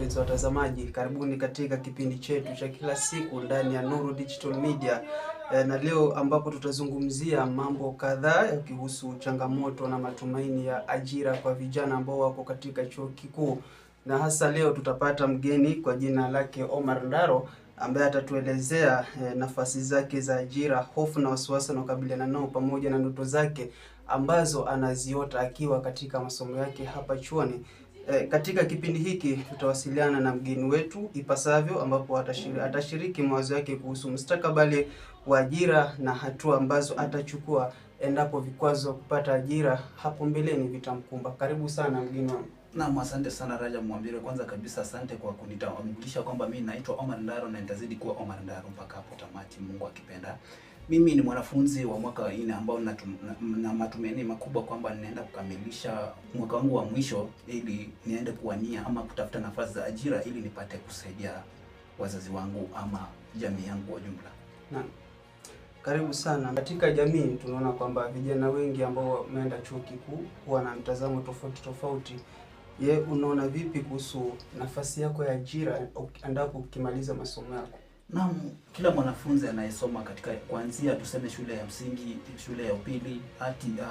wapenzi watazamaji, karibuni katika kipindi chetu cha kila siku ndani ya Nuru Digital Media e, na leo ambapo tutazungumzia mambo kadhaa yakihusu changamoto na matumaini ya ajira kwa vijana ambao wako katika chuo kikuu, na hasa leo tutapata mgeni kwa jina lake Omar Ndaro ambaye atatuelezea e, nafasi zake za ajira, hofu na wasiwasi anaokabiliana nao, pamoja na ndoto zake ambazo anaziota akiwa katika masomo yake hapa chuoni. Eh, katika kipindi hiki tutawasiliana na mgeni wetu ipasavyo, ambapo atashiriki, atashiriki mawazo yake kuhusu mustakabali wa ajira na hatua ambazo atachukua endapo vikwazo kupata ajira hapo mbeleni vitamkumba. Karibu sana mgeni wangu. Naam, asante sana Raja Mwambire. Kwanza kabisa asante kwa kunitambulisha kwamba mimi naitwa Omar Ndaro na nitazidi kuwa Omar Ndaro mpaka hapo tamati, Mungu akipenda. Mimi ni mwanafunzi wa mwaka wa nne ambao na, na matumaini makubwa kwamba ninaenda kukamilisha mwaka wangu wa mwisho ili niende kuwania ama kutafuta nafasi za ajira ili nipate kusaidia wazazi wangu ama jamii yangu kwa jumla. Na, Karibu sana. Katika jamii tunaona kwamba vijana wengi ambao wameenda chuo kikuu huwa na mtazamo tofauti tofauti. ye unaona vipi kuhusu nafasi yako ya ajira endapo ukimaliza masomo yako? Naam, kila mwanafunzi anayesoma katika kuanzia tuseme shule ya msingi, shule ya upili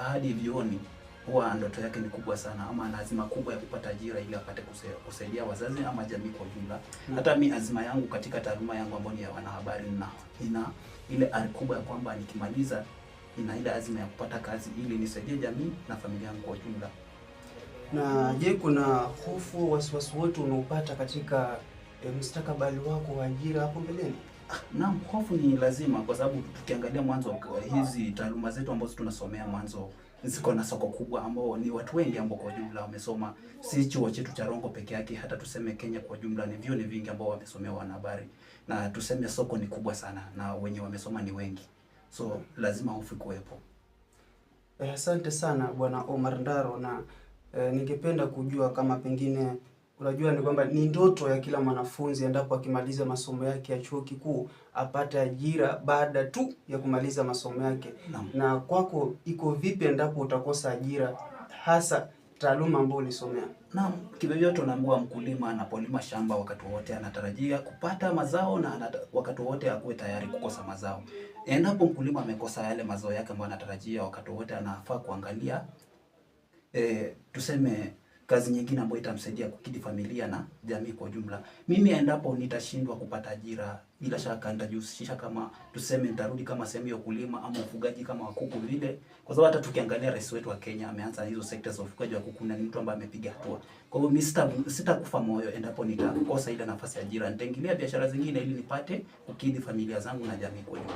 hadi vyuoni huwa ndoto yake ni kubwa sana, ama ana azima kubwa ya kupata ajira ili apate kusaidia wazazi ama jamii kwa jumla. Mm. Hata mi azima yangu katika taaluma yangu ambayo ni ya wanahabari, na ina ile ari kubwa ya kwamba nikimaliza, ina ile azima ya kupata kazi ili nisaidie jamii na familia yangu kwa jumla. Na je, kuna hofu, wasiwasi wote unaopata katika e, eh, mstakabali wako wa ajira hapo mbeleni? Ah, naam, hofu ni lazima kwa sababu tukiangalia mwanzo hizi taaluma zetu ambazo tunasomea mwanzo ziko na soko kubwa ambao ni watu wengi ambao kwa jumla wamesoma, si chuo chetu cha Rongo peke yake, hata tuseme Kenya kwa jumla ni vyuo ni vingi ambao wamesomea wanahabari, na tuseme soko ni kubwa sana na wenye wamesoma ni wengi, so lazima hofu kuwepo. Eh, asante eh, sana Bwana Omar Ndaro na eh, ningependa kujua kama pengine unajua ni kwamba ni ndoto ya kila mwanafunzi endapo akimaliza masomo yake ya chuo kikuu apate ajira baada tu ya kumaliza masomo yake na, na kwako iko vipi endapo utakosa ajira hasa taaluma ambayo ulisomea? Naam, kivyo tunaambiwa mkulima anapolima shamba wakati wote anatarajia kupata mazao na anata, wakati wote akuwe tayari kukosa mazao. Endapo mkulima amekosa yale mazao yake ambayo anatarajia, wakati wote anafaa kuangalia e, tuseme kazi nyingine ambayo itamsaidia kukidhi familia na jamii kwa jumla. Mimi endapo nitashindwa kupata ajira, bila shaka nitajihusisha kama tuseme, nitarudi kama sehemu ya ukulima ama ufugaji kama wa kuku vile, kwa sababu hata tukiangalia rais wetu wa Kenya ameanza hizo sectors za ufugaji wa kuku na ni mtu ambaye amepiga hatua. Kwa hiyo mimi sita sitakufa moyo endapo nitakosa ile nafasi ya ajira, nitaingilia biashara zingine ili nipate kukidhi familia zangu na jamii kwa jumla.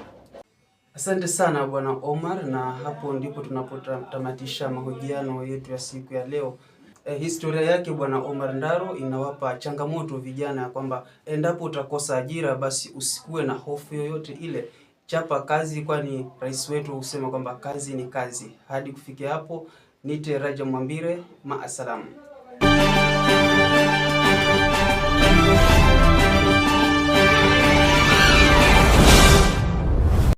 Asante sana Bwana Omar, na hapo ndipo tunapotamatisha mahojiano yetu ya siku ya leo eh, historia yake Bwana Omar Ndaro inawapa changamoto vijana ya kwamba endapo utakosa ajira, basi usikuwe na hofu yoyote ile, chapa kazi, kwani rais wetu husema kwamba kazi ni kazi. Hadi kufikia hapo, nite Raja Mwambire, maasalamu.